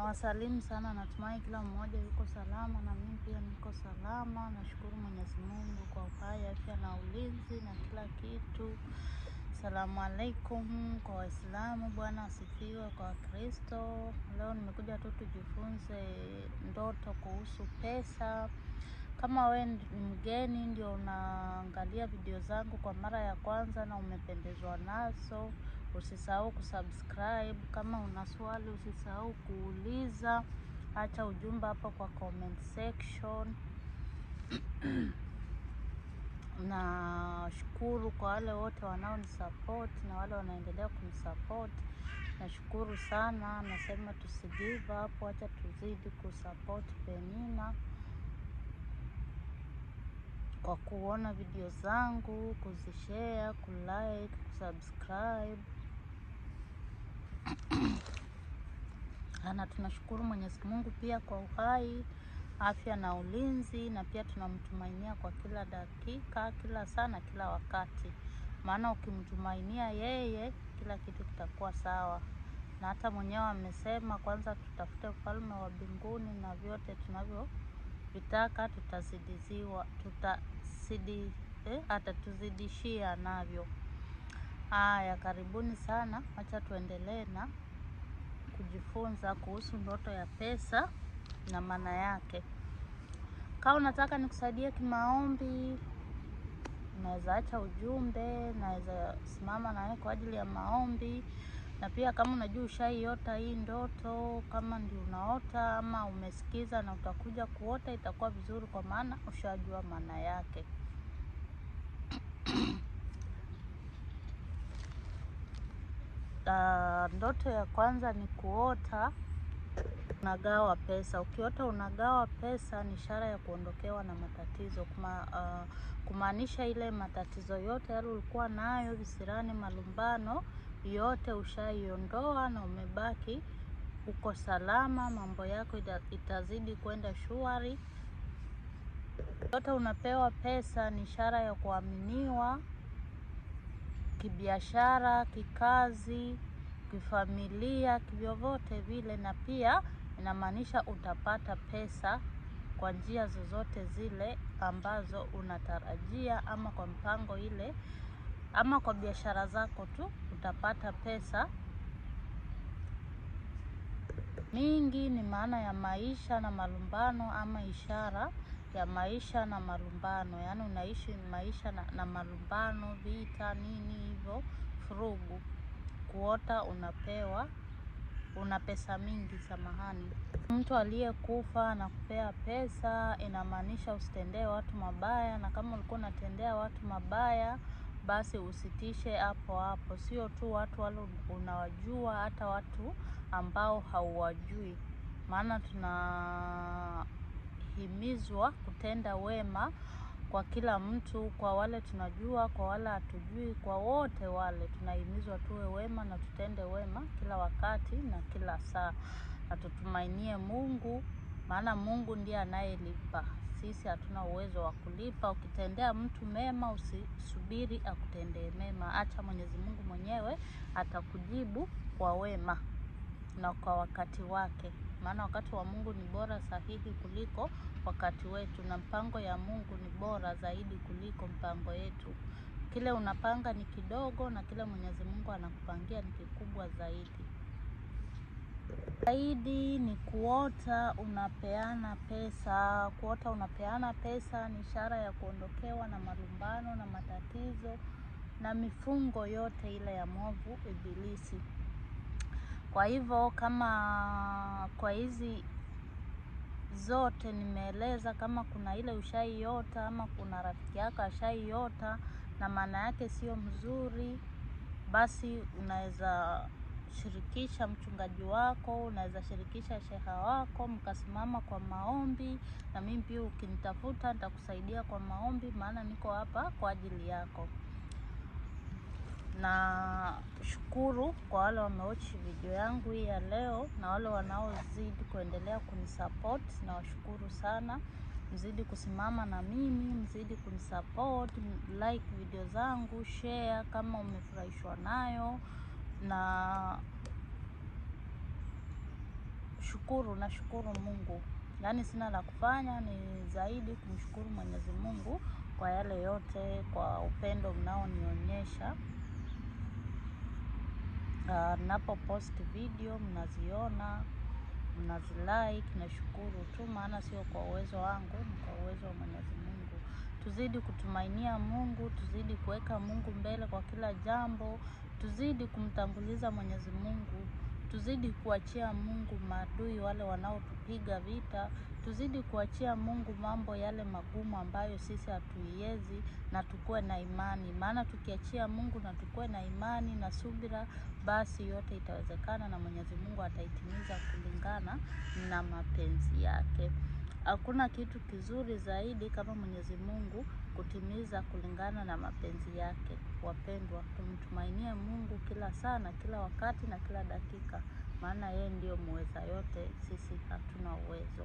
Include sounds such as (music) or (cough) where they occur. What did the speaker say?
Nawasalimu sana, natumai kila mmoja yuko salama na mimi pia niko salama. Nashukuru Mwenyezi Mungu kwa uhai, afya na ulinzi na kila kitu. Salamu alaikum kwa Waislamu, Bwana asifiwe kwa Wakristo. Leo nimekuja tu tujifunze ndoto kuhusu pesa. Kama we ni mgeni ndio unaangalia video zangu kwa mara ya kwanza na umependezwa nazo Usisahau kusubscribe. Kama una swali usisahau kuuliza, acha ujumbe hapo kwa comment section. (clears throat) Nashukuru kwa wale wote wanaonisupport na wale wanaendelea kunisupport, nashukuru sana. Nasema tusigive up, acha tuzidi kusupport Penina kwa kuona video zangu, kuzishare, kulike, kusubscribe. sana. Tunashukuru Mwenyezi Mungu pia kwa uhai, afya na ulinzi, na pia tunamtumainia kwa kila dakika, kila saa na kila wakati, maana ukimtumainia yeye kila kitu kitakuwa sawa. Na hata mwenyewe amesema, kwanza tutafute ufalme wa mbinguni na vyote tunavyovitaka tutazidiziwa, tutazidi eh, atatuzidishia navyo. Haya, karibuni sana, acha tuendelee na kujifunza kuhusu ndoto ya pesa na maana yake. Kama unataka nikusaidie kimaombi, unaweza acha ujumbe, naweza simama nawe kwa ajili ya maombi. Na pia kama unajua ushaiota hii ndoto, kama ndio unaota ama umesikiza na utakuja kuota, itakuwa vizuri, kwa maana ushajua maana yake. na ah, ndoto ya kwanza ni kuota unagawa pesa. Ukiota unagawa pesa ni ishara ya kuondokewa na matatizo kuma, uh, kumaanisha ile matatizo yote yale ulikuwa nayo visirani, malumbano yote ushaiondoa na umebaki uko salama, mambo yako itazidi kwenda shwari. Ukiota unapewa pesa ni ishara ya kuaminiwa kibiashara, kikazi kifamilia, kivyovyote vile, na pia inamaanisha utapata pesa kwa njia zozote zile ambazo unatarajia, ama kwa mpango ile, ama kwa biashara zako tu utapata pesa mingi. Ni maana ya maisha na malumbano, ama ishara ya maisha na malumbano, yaani unaishi maisha na, na malumbano, vita, nini hivyo, furugu kuota unapewa una pesa mingi, samahani. Mtu aliyekufa na kupea pesa inamaanisha usitendee watu mabaya, na kama ulikuwa unatendea watu mabaya basi usitishe hapo hapo, sio tu watu wale unawajua, hata watu ambao hauwajui. Maana tunahimizwa kutenda wema kwa kila mtu, kwa wale tunajua, kwa wale hatujui, kwa wote wale tunahimizwa tuwe wema na tutende wema kila wakati na kila saa, na tutumainie Mungu, maana Mungu ndiye anayelipa. Sisi hatuna uwezo wa kulipa. Ukitendea mtu mema, usisubiri akutendee mema, acha Mwenyezi Mungu mwenyewe atakujibu kwa wema na kwa wakati wake maana wakati wa Mungu ni bora sahihi kuliko wakati wetu, na mpango ya Mungu ni bora zaidi kuliko mpango yetu. Kile unapanga ni kidogo, na kile Mwenyezi Mungu anakupangia ni kikubwa zaidi. Zaidi ni kuota unapeana pesa. Kuota unapeana pesa ni ishara ya kuondokewa na malumbano na matatizo na mifungo yote ile ya mwovu Ibilisi. Kwa hivyo kama kwa hizi zote nimeeleza, kama kuna ile ushaiota ama kuna rafiki yako ashaiota na maana yake sio mzuri, basi unaweza shirikisha mchungaji wako, unaweza shirikisha sheha wako, mkasimama kwa maombi. Na mimi pia ukinitafuta nitakusaidia kwa maombi, maana niko hapa kwa ajili yako na shukuru kwa wale wameochi video yangu hii ya leo na wale wanaozidi kuendelea kunisupport, washukuru sana. Mzidi kusimama na mimi, mzidi kunisupport, like video zangu, share kama umefurahishwa nayo, na shukuru, nashukuru Mungu. Yaani sina la kufanya, ni zaidi kumshukuru Mwenyezi Mungu kwa yale yote, kwa upendo mnaonionyesha. Ah, napo post video mnaziona mnazilike. Nashukuru tu, maana sio kwa uwezo wangu, ni kwa uwezo wa Mwenyezi Mungu. Tuzidi kutumainia Mungu, tuzidi kuweka Mungu mbele kwa kila jambo, tuzidi kumtanguliza Mwenyezi Mungu tuzidi kuachia Mungu maadui wale wanaotupiga vita, tuzidi kuachia Mungu mambo yale magumu ambayo sisi hatuiwezi, na tukuwe na imani, maana tukiachia Mungu na tukuwe na imani na subira, basi yote itawezekana na Mwenyezi Mungu ataitimiza kulingana na mapenzi yake. Hakuna kitu kizuri zaidi kama Mwenyezi Mungu kutimiza kulingana na mapenzi yake. Wapendwa, tumtumainie Mungu kila saa na kila wakati na kila dakika, maana yeye ndiyo muweza yote, sisi hatuna uwezo.